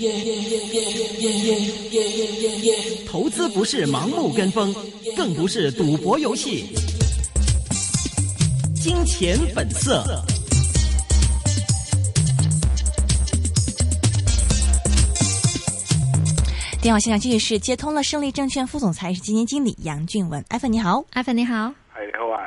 Yeah, yeah, yeah, yeah, yeah, yeah, yeah, yeah. 投資不是盲目跟風，更不是賭博遊戲。金錢本色。電話現場繼，繼續是接通了勝利證券副總裁，是基金經理楊俊文。艾粉你好，艾粉你好，嗨，你好啊。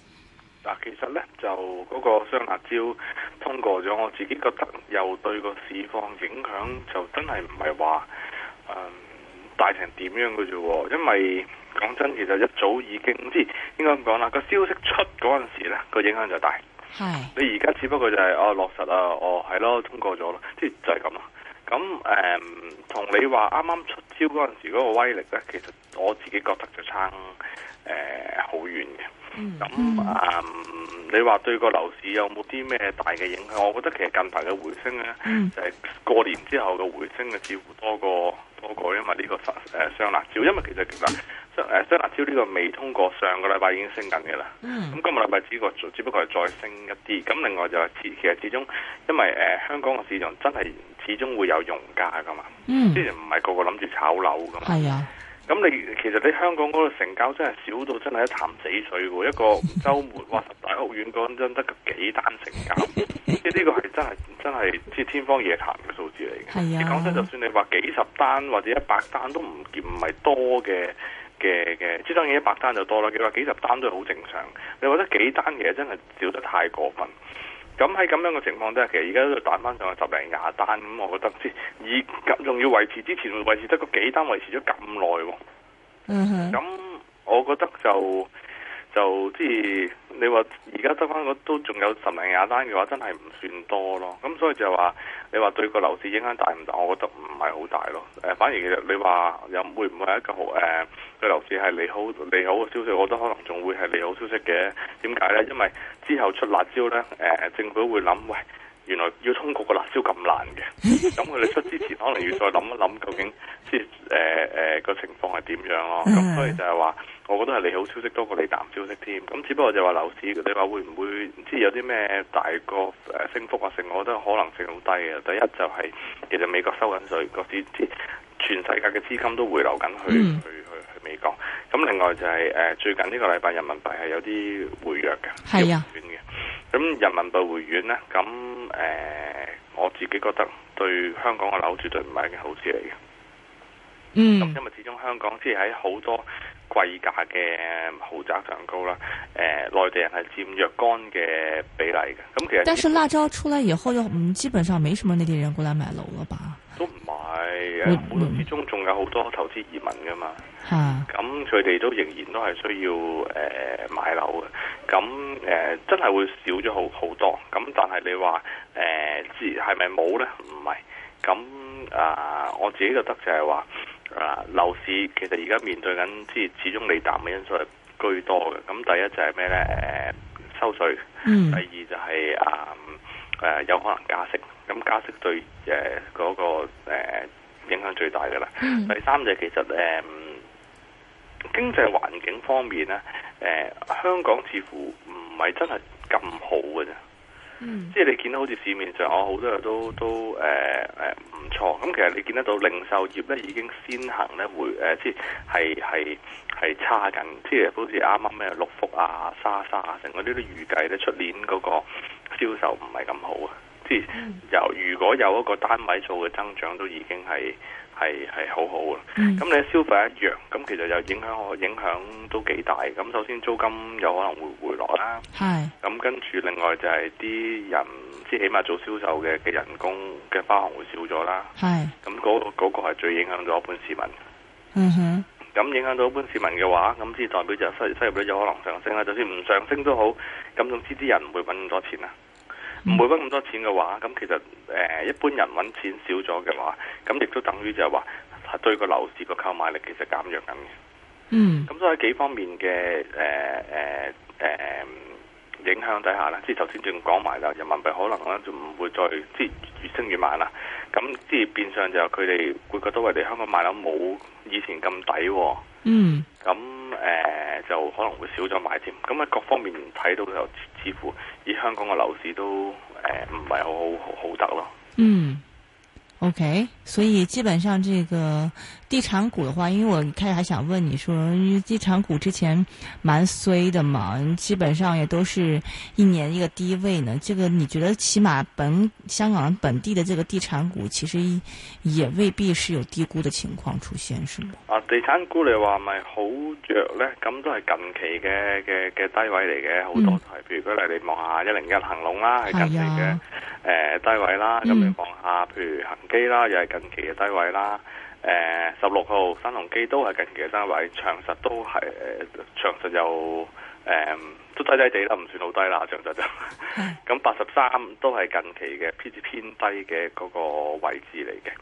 其實咧就嗰個雙辣椒通過咗，我自己覺得又對個市況影響就真係唔係話大成點樣嘅啫喎，因為講真，其實一早已經唔知應該咁講啦，個消息出嗰陣時咧個影響就大，你而家只不過就係，是，啊，哦，落實啦，哦係咯，通過咗咯，即係就係咁咯。咁誒、嗯，同你話啱啱出招嗰陣時嗰個威力咧，其實我自己覺得就差誒好、呃、遠嘅。咁、嗯、啊、嗯，你話對個樓市有冇啲咩大嘅影響？我覺得其實近排嘅回升咧、嗯，就係、是、過年之後嘅回升就似乎多過多過，因為呢、這個誒、呃、雙辣招，因為其實其實雙辣招呢個未通過上個禮拜已經升緊嘅啦。咁今個禮拜只不過只不過係再升一啲。咁另外就係、是、其其實始終，因為、呃、香港嘅市場真係。始終會有用家㗎嘛？嗯，即係唔係個個諗住炒樓㗎嘛。係啊。咁你其實你香港嗰個成交真係少到真係一潭死水喎！一個週末， 哇！十大屋苑講真得個幾單成交，即係呢個係真係真係即係天方夜譚嘅數字嚟嘅。係啊。講真，就算你話幾十單或者一百單都唔唔係多嘅嘅嘅，即係當然一百單就多啦。你話幾十單都係好正常。你話得幾單嘢真係少得太過分。咁喺咁樣嘅情況底下，其實而家都彈翻上十零廿單，咁我覺得，即係以咁仲要維持之前維持得個幾單，維持咗咁耐，咁、mm -hmm. 我覺得就。就即係你話而家得返嗰都仲有十零廿單嘅話，真係唔算多咯。咁所以就話你話對個樓市影響大唔大？我覺得唔係好大咯。誒，反而其實你話又會唔會有一個好，誒對、呃、樓市係利好利好嘅消息？我覺得可能仲會係利好消息嘅。點解呢？因為之後出辣招呢，誒、呃、政府會諗喂。原來要通過個辣椒咁難嘅、咁佢哋出之前可能要再諗一諗究竟，即係誒誒個情況係點樣咯、啊？咁所以就係話，我覺得係利好消息多過利淡消息添。咁只不過就話樓市，你話會唔會，即係有啲咩大個誒升幅啊？剩我覺得可能性好低嘅。第一就係、是、其實美國收緊稅，各全世界嘅資金都回流緊去、嗯、去去去美國。咁另外就係、是、誒、呃、最近呢個禮拜人民幣係有啲回弱嘅，係嘅、啊。咁人民幣匯軟呢，咁誒、呃、我自己覺得對香港嘅樓絕對唔係一件好事嚟嘅。嗯。咁因為始終香港即係喺好多貴價嘅豪宅層高啦，誒、呃、內地人係佔若干嘅比例嘅。咁其實，但係辣招出嚟以後，就、嗯、基本上沒什麼內地人過來買樓了吧？都唔係、啊，始終仲有好多投資移民噶嘛。嗯。咁佢哋都仍然都係需要誒、呃、買樓嘅。咁誒、呃、真係會少咗好好多，咁但係你話誒，係咪冇咧？唔係。咁啊、呃，我自己覺得就係話，啊、呃，樓市其實而家面對緊，即係始終利淡嘅因素係居多嘅。咁第一就係咩咧？誒、呃，收稅。Mm. 第二就係、是、啊、呃呃、有可能加息。咁加息對嗰、呃嗰個、呃、影響最大嘅啦。Mm. 第三就其實誒。呃經濟環境方面呢，誒、呃，香港似乎唔係真係咁好嘅啫。即、嗯、係、就是、你見到好似市面上，我、哦、好多人都都誒誒唔錯。咁、嗯、其實你見得到零售業呢已經先行咧會誒，即係係係差緊。即係好似啱啱咩六福啊、莎莎啊，成嗰啲都預計咧出年嗰個銷售唔係咁好啊。即、嗯、係、就是、由如果有一個單位數嘅增長，都已經係。係係好好嘅，咁、嗯、你嘅消費一樣，咁其實又影響我影響都幾大。咁首先租金有可能會回落啦，係。咁跟住另外就係啲人，即係起碼做銷售嘅嘅人工嘅花紅會少咗啦，係。咁嗰嗰個係、那個、最影響咗一般市民。嗯哼。咁影響到一般市民嘅話，咁即代表就收收入率有可能上升啦。就算唔上升都好，咁總之啲人唔會搵咁多錢啊。唔、嗯、會揾咁多錢嘅話，咁其實誒、呃、一般人揾錢少咗嘅話，咁亦都等於就係話對個樓市個購買力其實是減弱緊嘅。嗯。咁所以喺幾方面嘅誒誒誒影響底下啦，即係頭先仲講埋啦，人民幣可能咧就唔會再即係越升越慢啦。咁即係變相就係佢哋會覺得我哋香港買樓冇以前咁抵，哦。嗯。咁誒、呃、就可能會少咗買添。咁喺各方面睇到就。似乎以香港嘅樓市都誒唔係好好好得咯。嗯，OK，所以基本上這個。地產股的話，因為我一開始還想問你說，因為地產股之前蠻衰的嘛，基本上也都是一年一個低位呢。這個你覺得起碼本香港本地的這個地產股，其實也未必是有低估的情況出現，是嗎？啊，地產股你話咪好弱呢？咁都係近期嘅嘅嘅低位嚟嘅，好、嗯、多時，譬如佢你望下一零一恒隆啦，係、哎、近期嘅誒、呃嗯、低位啦，咁你望下譬如恒基啦，嗯、又係近期嘅低位啦。誒十六號新鴻基都係近期嘅三位，長實都係長實又誒、um, 都低低地啦，唔算好低啦，長實就咁八十三都係近期嘅 P 值偏低嘅嗰個位置嚟嘅。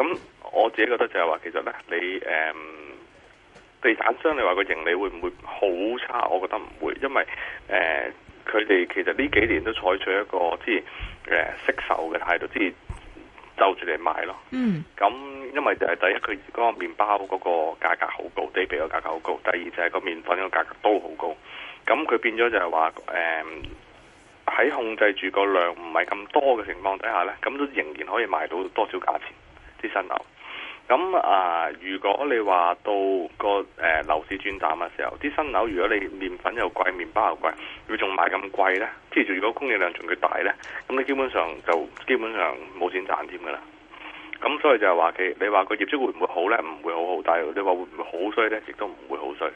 咁我自己覺得就係話其實咧，你誒、um, 地產商你話個盈利會唔會好差？我覺得唔會，因為誒佢哋其實呢幾年都採取一個即係誒惜售嘅態度，即係。就住嚟賣咯，咁因為就係第一，佢嗰個麵包嗰個價格好高，地皮個價格好高，第二就係個麵粉個價格都好高，咁佢變咗就係話，誒、嗯，喺控制住個量唔係咁多嘅情況底下呢，咁都仍然可以賣到多少價錢，啲新樓。咁啊、呃，如果你話到、那個誒、呃、樓市轉淡嘅時候，啲新樓如果你麵粉又貴，麵包又貴，佢仲賣咁貴呢？即係如果供應量仲要大呢，咁你基本上就基本上冇錢賺添噶啦。咁所以就係話佢，你話個業績會唔會好呢？唔會好好，但係你話會唔會好衰呢？亦都唔會好衰。呢、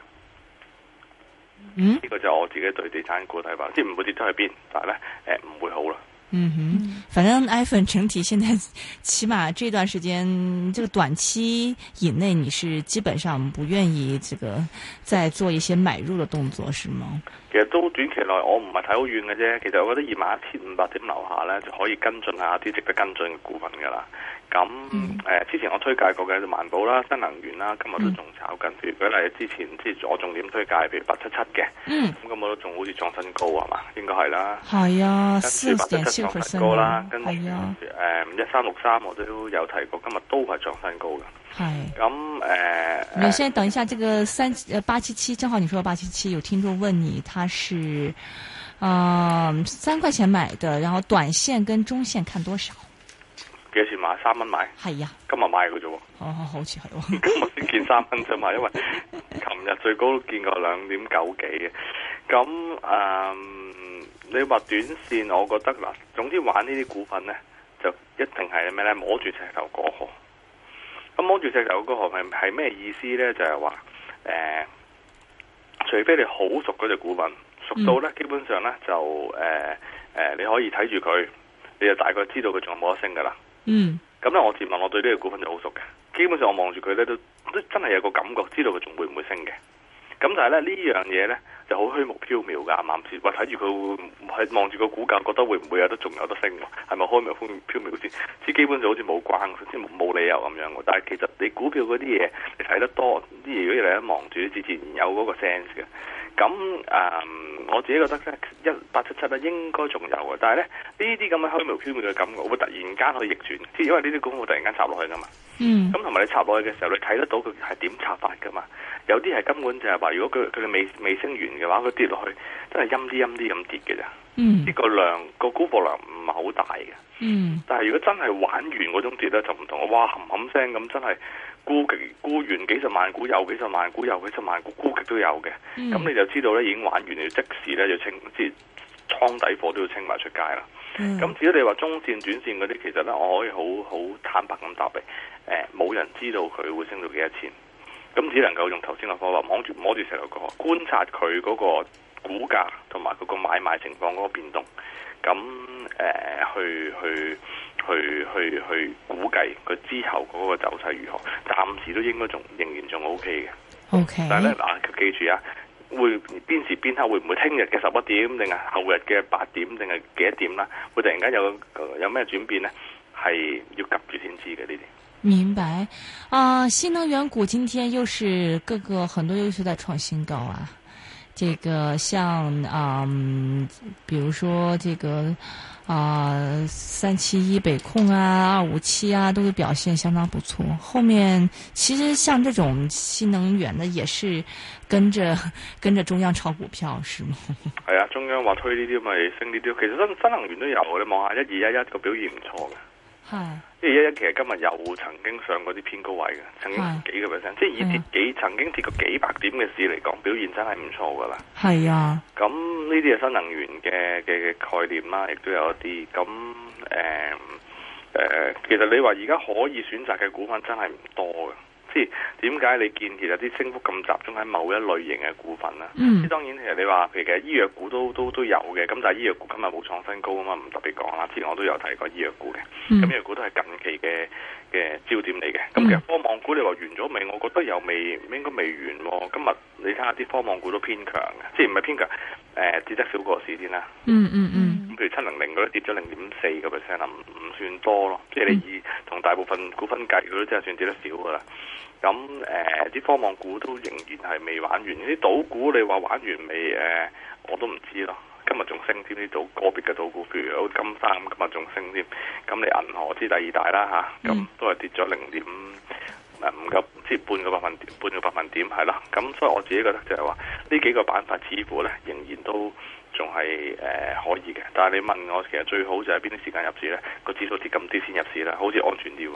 嗯這個就我自己對地產股睇法，即係唔會跌得去邊，但係呢，唔、呃、會好啦。嗯哼，反正 iPhone 整體現在，起碼這段時間這個短期以內，你是基本上不願意這個再做一些買入的動作，是嗎？其實都短期內，我唔係睇好遠嘅啫。其實我覺得二萬一千五百點樓下呢，就可以跟進下啲值得跟進嘅股份噶啦。咁、嗯、誒、嗯嗯，之前我推介過嘅萬寶啦、新能源啦，今日都仲炒緊。譬、嗯、如舉例，之前即係我重點推介，譬如八七七嘅，咁今日都仲好似創新高啊嘛，應該係啦。係啊，四點七十新高啦。係啊，一三六三我都有提過，今日都係創新高嘅。係。咁、嗯、誒，你、嗯、先、嗯、等一下，這個三八七七，呃、877, 正好你說八七七，877, 有聽眾問你，他是嗯三、呃、塊錢買的，然後短線跟中線看多少？買三蚊買係呀，今日買嘅啫喎。哦，好似係喎。今日先見三蚊就買，因為琴日最高見過兩點九幾嘅。咁誒、嗯，你話短線，我覺得嗱，總之玩呢啲股份咧，就一定係咩咧？摸住石頭過河、那個。咁摸住石頭過河係係咩意思咧？就係話誒，除非你好熟嗰隻股份，熟到咧，基本上咧就誒誒、呃呃，你可以睇住佢，你就大概知道佢仲有冇得升噶啦。嗯，咁咧，我自問我對呢個股份就好熟嘅，基本上我望住佢咧都都真係有個感覺，知道佢仲會唔會升嘅。咁但係咧，呢樣嘢咧就好虛無縹緲噶，啱啱先話睇住佢望住個股價，覺得會唔會有得仲有得升，係咪虛無縹緲先？即基本上好似冇關，冇理由咁樣嘅。但係其實你股票嗰啲嘢，你睇得多，啲如果又一望住自然有嗰個 sense 嘅。咁誒、嗯，我自己覺得咧，一八七七咧應該仲有嘅，但係咧呢啲咁嘅虛無縹緲嘅感覺，會突然間可以逆轉，只因為呢啲股票會突然間插落去㗎嘛。嗯，咁同埋你插落去嘅時候，你睇得到佢係點插法㗎嘛？有啲係根本就係話，如果佢佢哋未未升完嘅話，佢跌落去真係陰啲陰啲咁跌嘅咋。呢、嗯、個量、個沽貨量唔係好大嘅。嗯，但係如果真係玩完嗰種跌咧，就唔同我哇，冚冚聲咁，真係～沽極沽完幾十萬股，有幾十萬股，有幾十萬股，沽極都有嘅，咁、mm. 你就知道咧，已經玩完了，要即時咧就清，即係倉底貨都要清埋出街啦。咁至於你話中線、短線嗰啲，其實咧我可以好好坦白咁答你，誒、呃、冇人知道佢會升到幾多錢，咁只能夠用頭先嗰個方法，摸住摸住石頭，觀察佢嗰個股價同埋佢個買賣情況嗰個變動，咁誒去去。去去去去估計佢之後嗰個走勢如何，暫時都應該仲仍然仲 O K 嘅。O、okay. K，但係咧嗱，記住啊，會邊時邊刻會唔會聽日嘅十一點，定係後日嘅八點，定係幾多點啦？會突然間有有咩轉變咧？係要及住先知嘅呢啲。明白啊、呃！新能源股今天又是各個很多優秀在創新高啊！這個像啊、呃，比如說這個啊、呃，三七一北控啊，二五七啊，都是表現相當不錯。後面其實像這種新能源的也是跟着跟着中央炒股票是嗎？係啊，中央話推呢啲咪升呢啲，其實新新能源都有，你望下一二一一個表現唔錯嘅。係，因為一其實今日又曾經上過啲偏高位嘅，曾經幾個 percent，即係以跌幾，曾經跌過幾百點嘅市嚟講，表現真係唔錯噶啦。係啊，咁呢啲係新能源嘅嘅嘅概念啦、啊，亦都有一啲咁誒誒，其實你話而家可以選擇嘅股份真係唔多噶。即係點解你見其實啲升幅咁集中喺某一類型嘅股份咧？即、嗯、係當然其實你話譬如醫藥股都都都有嘅，咁但係醫藥股今日冇創新高啊嘛，唔特別講啦。之前我都有提過醫藥股嘅，咁、嗯、醫藥股都係近期嘅。嘅焦點嚟嘅，咁其實科網股你話完咗未？我覺得又未，應該未完，哦。今日你睇下啲科網股都偏強嘅，即係唔係偏強？誒、呃，跌得少個市先啦。嗯嗯嗯。咁譬如七零零嗰啲跌咗零點四個 percent 啦，唔算多咯。即係你以同大部分股份計，佢都真係算跌得少噶啦。咁誒、啲、呃、科網股都仍然係未玩完。啲賭股你話玩完未？誒、呃，我都唔知咯。今日仲升啲啲到個別嘅賭股，譬如好金沙咁，今日仲升啲。咁你銀河之第二大啦，嚇，咁都係跌咗零點誒五個，即半個百分半個百分點係咯。咁所以我自己覺得就係話，呢幾個板塊似乎咧，仍然都仲係誒可以嘅。但係你問我，其實最好就係邊啲時間入市咧？個指數跌咁啲先入市啦，好似安全啲。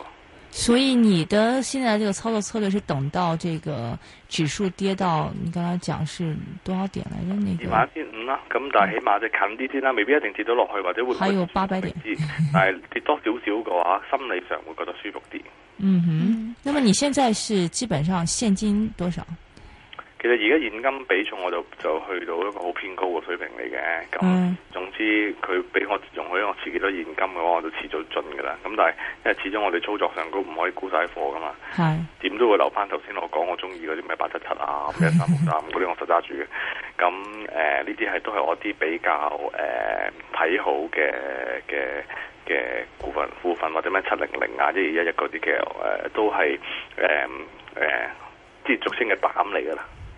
所以你的現在這個操作策略是等到這個指數跌到你剛剛講是多少點來着那個？一萬一千五啊！咁但係起碼就近啲先啦，未必一定跌到落去，或者會唔會還有八百點，但係跌多少少嘅話， 心理上會覺得舒服啲。嗯哼，那麼你現在是基本上現金多少？其實而家現金比重，我就就去到一個好偏高嘅水平嚟嘅。咁總之佢俾我容許我持幾多現金嘅話，我就持續進㗎喇。咁但係因為始終我哋操作上都唔可以估晒貨噶嘛，點都會留翻，頭先我講我中意嗰啲咩八七七啊、咁三六三嗰啲我就揸住咁，誒呢啲係都係我啲比較誒睇、呃、好嘅嘅嘅股份股份或者咩七零零啊、一二一一嗰啲嘅，誒都係誒誒即係俗稱嘅膽嚟噶啦。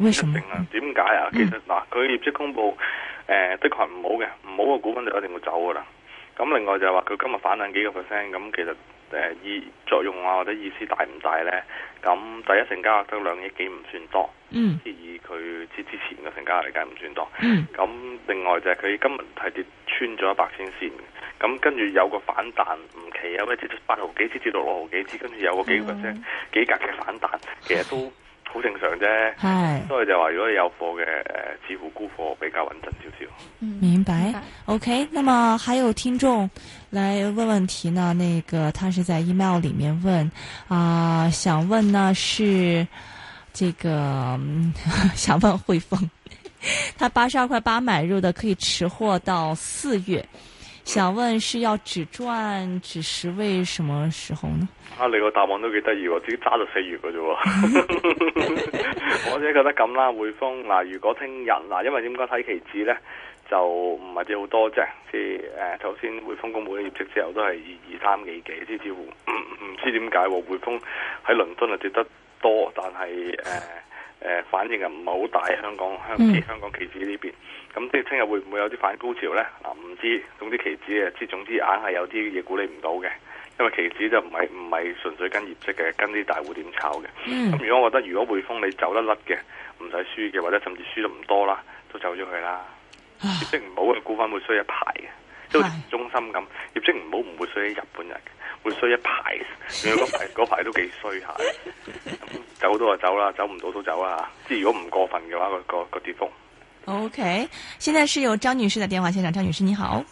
為什麼？點解啊？其實嗱，佢、啊、業績公布，誒、呃，的確係唔好嘅，唔好嘅股份就一定會走噶啦。咁另外就係話佢今日反彈幾個 percent，咁其實誒意、呃、作用啊或者意思大唔大咧？咁第一成交額得兩億幾唔算多，嗯，以佢之之前嘅成交額嚟計唔算多，咁、嗯、另外就係佢今日係跌穿咗百天線，咁跟住有個反彈不期，唔奇啊，或者八毫幾至至到六毫幾，跟住有個幾個 percent 幾格嘅反彈，其實都，好正常啫，係，所以就話如果有貨嘅，誒、呃，似乎沽貨比較穩陣少少。明白，OK。那麼還有聽眾來問問題呢，那個他是在 email 裏面問，啊、呃，想問呢是這個、嗯、想問匯豐，他八十二塊八買入的，可以持貨到四月。想問是要只賺只十位什麼時候呢？啊，你個答案都幾得意喎，只揸到四月嘅啫。 我自己覺得咁啦，匯豐嗱，如果聽日嗱，因為點解睇期指咧，就唔係跌好多啫，即係誒，頭、呃、先匯豐公布嘅業績之後都係二二三幾幾，甚至乎唔唔、嗯、知點解匯豐喺倫敦啊跌得多，但係誒。呃誒、呃、反應啊，唔係好大，香港、嗯、香港期指呢邊，咁即係聽日會唔會有啲反高潮呢？嗱，唔知，總之期指啊，總之總之硬係有啲嘢估你唔到嘅，因為期指就唔係唔係純粹跟業績嘅，跟啲大戶點炒嘅。咁、嗯、如果我覺得如果匯豐你走得甩嘅，唔使輸嘅，或者甚至輸得唔多啦，都走咗去啦、啊。業績唔好嘅股份會衰一排嘅，即係中心咁。業績唔好唔會衰喺日本人。會衰一排，原來嗰排 排都幾衰下，走都就走啦，走唔到都走啊！即係如果唔過分嘅話，個個個跌幅。OK，現在是有張女士嘅電話線上，張女士你好，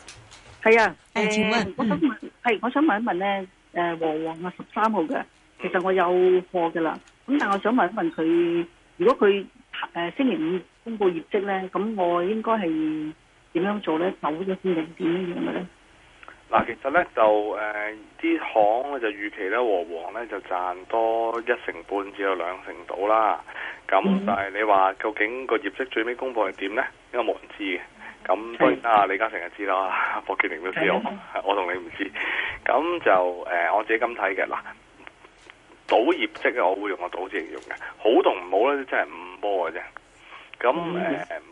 係啊，誒、哎，請問，係、呃我，嗯、我想問一問咧，誒和黃啊十三號嘅，其實我有貨噶啦，咁但係我想問一問佢，如果佢誒、呃、星期五公布業績咧，咁我應該係點樣做咧？走咗先定點樣樣嘅咧？嗱，其實咧就誒，啲、呃、行就預期咧和黃咧就賺多一成半至到兩成到啦。咁但係你話究竟個業績最尾公布係點咧，應該冇人知嘅。咁當然啊，李嘉誠就知啦，霍建寧都知我，我同你唔知。咁就誒、呃，我自己咁睇嘅嗱，賭業績嘅我會用個賭字形容嘅，好同唔好咧，即係五波嘅啫。咁誒，冇、嗯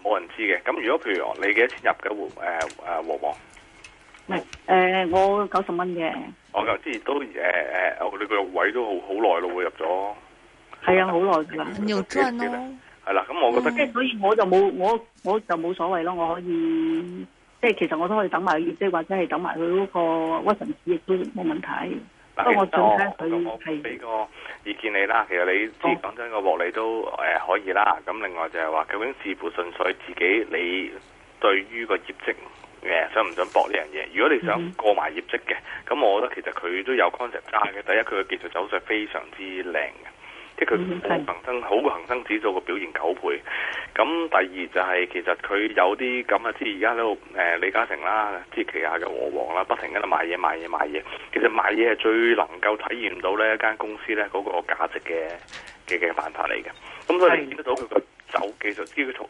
呃、人知嘅。咁如果譬如你幾多錢入嘅？誒誒，和黃。係誒、呃，我九十蚊嘅。我、哦、今之前都誒誒，我呢個位都好好耐咯，會入咗。係啊，好耐噶啦，要賺咯。係啦，咁、哦啊、我覺得即係，嗯、所以我就冇我我就冇所謂咯。我可以即係，其實我都可以等埋業績，或者係等埋佢嗰個屈臣氏亦都冇問題。嗱，我想睇佢係俾個意見你啦。其實你即係講真、哦這個獲利都誒、呃、可以啦。咁另外就係話，究竟是否純粹自己，你對於個業績？想唔想搏呢樣嘢？如果你想過埋業績嘅，咁、mm -hmm. 我覺得其實佢都有 concept 架嘅。第一，佢嘅技術走勢非常之靚嘅，即係佢好恆生，mm -hmm. 好過恆生指數嘅表現九倍。咁第二就係、是、其實佢有啲咁啊，即係而家呢度，李嘉誠啦，即係旗下嘅和黃啦，不停喺度買嘢買嘢買嘢。其實買嘢係最能夠體驗到呢一間公司咧嗰個價值嘅嘅嘅辦法嚟嘅。咁所以你見得到佢個走技術，知佢圖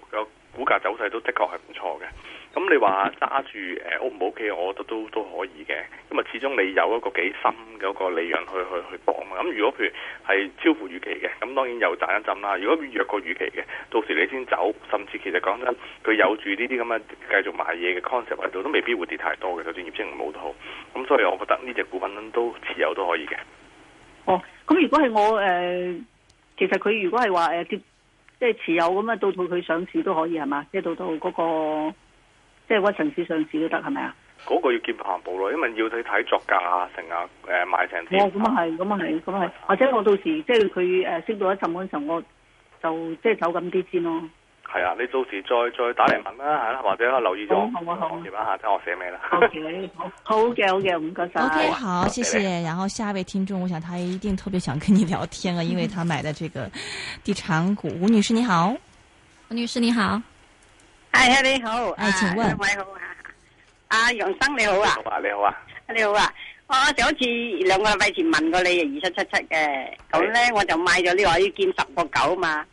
股價走勢都的確係唔錯嘅，咁你話揸住誒 O 唔 OK，我覺得都都可以嘅。咁啊，始終你有一個幾深嗰個利潤去去去搏啊。咁如果譬如係超乎預期嘅，咁當然又賺一陣啦。如果弱過預期嘅，到時你先走。甚至其實講真，佢有住呢啲咁嘅繼續買嘢嘅 concept 喺度，都未必會跌太多嘅，就算業績唔好都好。咁所以，我覺得呢隻股份都持有都可以嘅。哦，咁如果係我誒、呃，其實佢如果係話誒跌。呃即係持有咁啊，到到佢上市都可以係嘛？即係到到嗰個，即係屈臣氏上市都得係咪啊？嗰個要見行步咯，因為要佢睇作價啊，成啊，誒賣成天。哦，咁啊係，咁啊係，咁啊係。或者我到時即係佢誒升到一層嗰陣，我就即係走緊啲先咯。係啊，你到時再再打嚟問啦，嗯，或者我留意咗，我電話下睇我寫咩啦。好，嘅，好嘅，唔該晒。O、okay, K，好， 好，好，謝謝。然後下一位聽眾，我想他一定特別想跟你聊天啊， 因為他買的這個地產股。吳女士你好，吳女士你好，係啊，你好，啊，兩位好啊，阿、啊、楊生你好啊，你好啊，你好啊，啊好啊，我就好似兩個禮拜前問過你二七七七嘅，咁咧我就買咗呢話要見十個九啊嘛。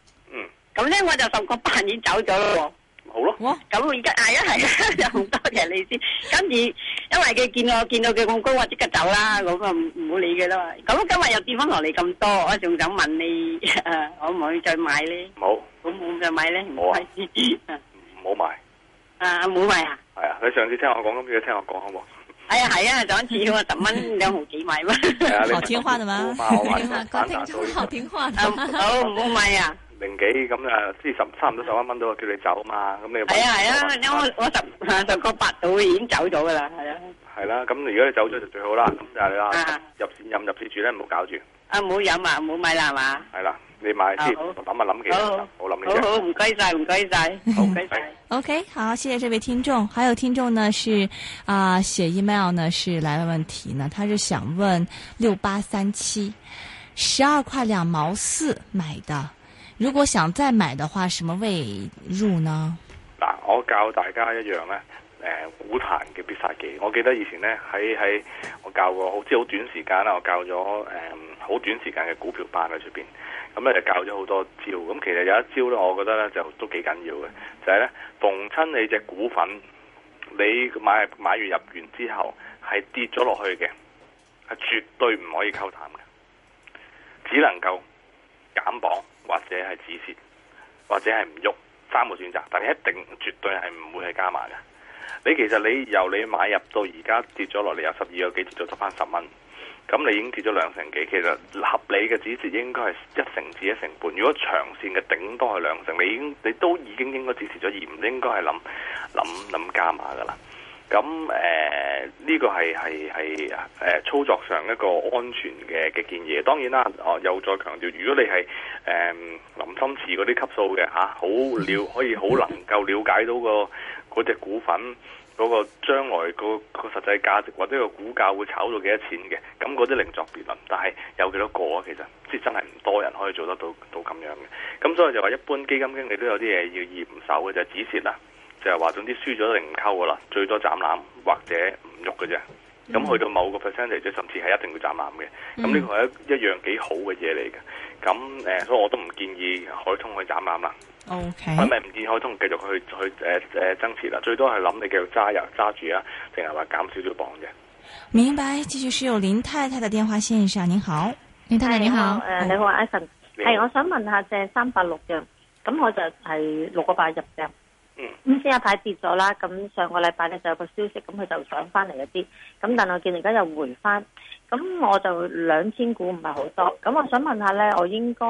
咁咧我就十個八年走咗咯，好咯，咁而家啊一係又好多謝你先，跟住因為佢見我見到佢咁高，我即刻走啦，咁啊唔唔好理佢咯。咁今日又跌翻落嚟咁多，我仲想問你，我唔可以再買咧？冇，咁冇再買咧？冇啊，咦，唔好買？啊唔好買啊？係啊，你上次聽我講咁嘅，聽我講好冇？哎呀係啊，上一次要我十蚊兩毫幾買嘛，好聽話的嘛，好聽話，好聽話，好聽話，啊唔好唔好買啊？零幾咁啊，四十差唔多十一蚊到，叫你走嘛？咁你係啊係啊，因為我，我十、啊、我十個八度已經走咗噶啦，係、哎、啊。係、哎、啦，咁如果你走咗就最好啦。咁就係、你、啦、啊，入線飲，入線住咧，唔好搞住。啊，唔好飲啊，唔好買啦，係、啊、嘛？係、啊、啦，你先買先，諗下諗幾多，我諗你。好好唔該晒，唔該曬，唔該曬。OK，好，謝謝這位聽眾。還有聽眾呢，是啊，寫、呃、email 呢，是來問題呢。他是想問六八三七十二塊兩毛四買的。如果想再買的話，什麼位入呢？嗱，我教大家一樣呢，誒、呃，股壇嘅必殺技。我記得以前呢，喺喺我教過，即係好短時間啦，我教咗誒好短時間嘅股票班喺出邊，咁咧就教咗好多招。咁、嗯、其實有一招呢，我覺得呢，就都幾緊要嘅，就係、是、呢：逢親你隻股份，你買買完入完之後係跌咗落去嘅，係絕對唔可以溝淡嘅，只能夠減磅。或者係止蝕，或者係唔喐，三個選擇。但你一定絕對係唔會係加碼嘅。你其實你由你買入到而家跌咗落嚟有十二個幾，跌咗得翻十蚊，咁你已經跌咗兩成幾。其實合理嘅止蝕應該係一成至一成半。如果長線嘅頂多係兩成，你已經你都已經應該止蝕咗而唔應該係諗諗加碼㗎啦。咁誒，呢、呃這個係係係誒操作上一個安全嘅嘅建議。當然啦，哦、啊、又再強調，如果你係誒、呃、林心如嗰啲級數嘅吓，好、啊、了可以好能夠了解到個嗰隻、那個、股份嗰、那個將來個個實際價值或者個股價會炒到幾多錢嘅，咁嗰啲另作別論。但係有幾多個啊？其實即係真係唔多人可以做得到到咁樣嘅。咁所以就話一般基金經理都有啲嘢要嚴守嘅，就係、是、止蝕啦。就係話總之輸咗定唔溝噶啦，最多斬纜或者唔喐嘅啫。咁、mm. 去到某個 percentage，甚至係一定要斬纜嘅。咁呢個係一樣幾好嘅嘢嚟嘅。咁誒、呃，所以我都唔建議海通去斬纜啦。O K。係咪唔建議海通繼續去去誒誒、呃呃、增持啦？最多係諗你繼續揸油揸住啊，定係話減少啲磅嘅？明白。繼續持有林太太嘅電話線上，您好，林太太您好。誒、hey,，uh, uh, 你好，Eason。係、hey. hey, hey,，我想問一下借三百六嘅，咁我就係六個八入嘅。咁先一排跌咗啦，咁上個禮拜咧就有個消息，咁佢就上翻嚟一啲，咁但係我見而家又回翻，咁我就兩千股唔係好多，咁我想問一下咧，我應該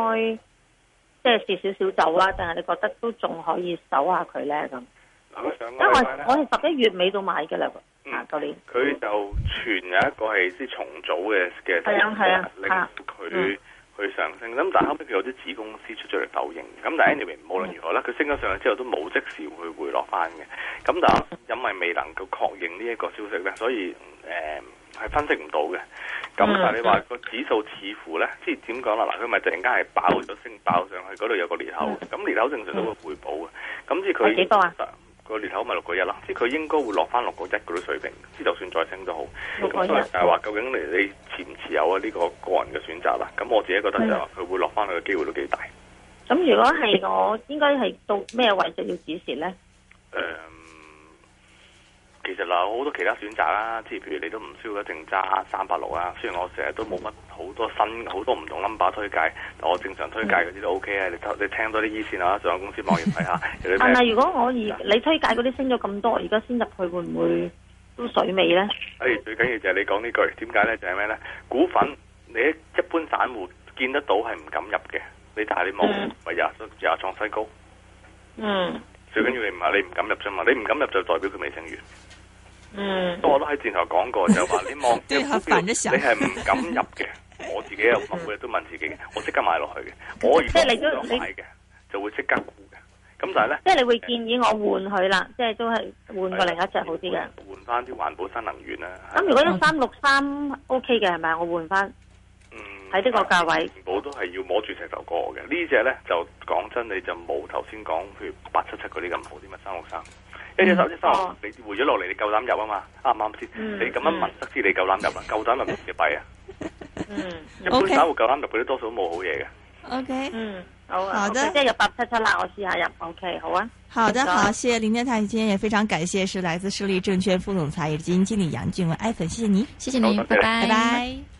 即係蝕少，少少走啦、啊，定係你覺得都仲可以守一下佢咧？咁，因為我我係十一月尾都買嘅啦，啊、嗯，舊年佢就存有一個係啲重組嘅嘅，係啊係啊，佢，是去上升，咁但係後尾佢有啲子公司出咗嚟否認，咁但係 anyway 無論如何咧，佢升咗上去之後都冇即時會回落翻嘅，咁但係因為未能夠確認呢一個消息咧，所以誒係、嗯、分析唔到嘅。咁但係你話個指數似乎咧，即係點講啦嗱，佢咪突然間係爆咗升，爆上去嗰度有個裂口，咁裂口正常都會回補嘅。咁即係佢幾多啊？個年頭咪六個一咯，即係佢應該會落翻六個一嗰啲水平，即就算再升都好。六個一，咁所以就係話究竟你你持唔持有啊？呢個個人嘅選擇啦。咁我自己覺得就係話佢會落翻去嘅機會都幾大。咁如果係我，應該係到咩位置要止蝕咧？誒、呃。其實啦，好多其他選擇啦，即係譬如你都唔需要一定揸三百六啦。雖然我成日都冇乜好多新好、嗯、多唔同 number 推介，但我正常推介嗰啲都 OK 啊。你你聽多啲意思啊，上個公司網頁睇下。但係如果我而你推介嗰啲升咗咁多，而家先入去會唔會都水尾咧？誒、哎，最緊要就係你講呢句，點解咧？就係咩咧？股份你一般散戶見得到係唔敢入嘅，你睇你冇，咪廿廿創新高。嗯。最緊要是你唔係你唔敢入啫嘛，你唔敢入就代表佢未升完。嗯，不過我都喺電台講過，就話你望即係，你係唔敢入嘅。 我自己又每日都問自己嘅，我即刻買落去嘅。我如你都買嘅，就會即刻沽嘅。咁但係咧，即係你會建議我換佢啦，即係都係換過另一隻好啲嘅。換翻啲環保新能源啦。咁如果都三六三 OK 嘅係咪？是是我換翻，喺、嗯、呢個價位，全部都係要摸住石頭過嘅。這呢隻咧就講真，你就冇頭先講，譬如八七七嗰啲咁好啲嘛，三六三。一隻手指三，你回咗落嚟，你夠膽入啊嘛？啱唔啱先？你咁樣問，得知你夠膽入啊？嗯嗯嗯？夠膽入唔入幣啊？ 嗯，O K。一般散、okay, 戶夠膽入，嗰啲多數都冇好嘢嘅。O、okay, K，嗯，好啊。好的，okay, 即係入八七七啦，我試下入。O、okay, K，好啊。好的，好，謝謝林天太，今天也非常感謝是來自勝利證券副總裁，也是基金經理楊俊文愛粉，謝謝你，謝謝你，拜拜，拜拜。Bye bye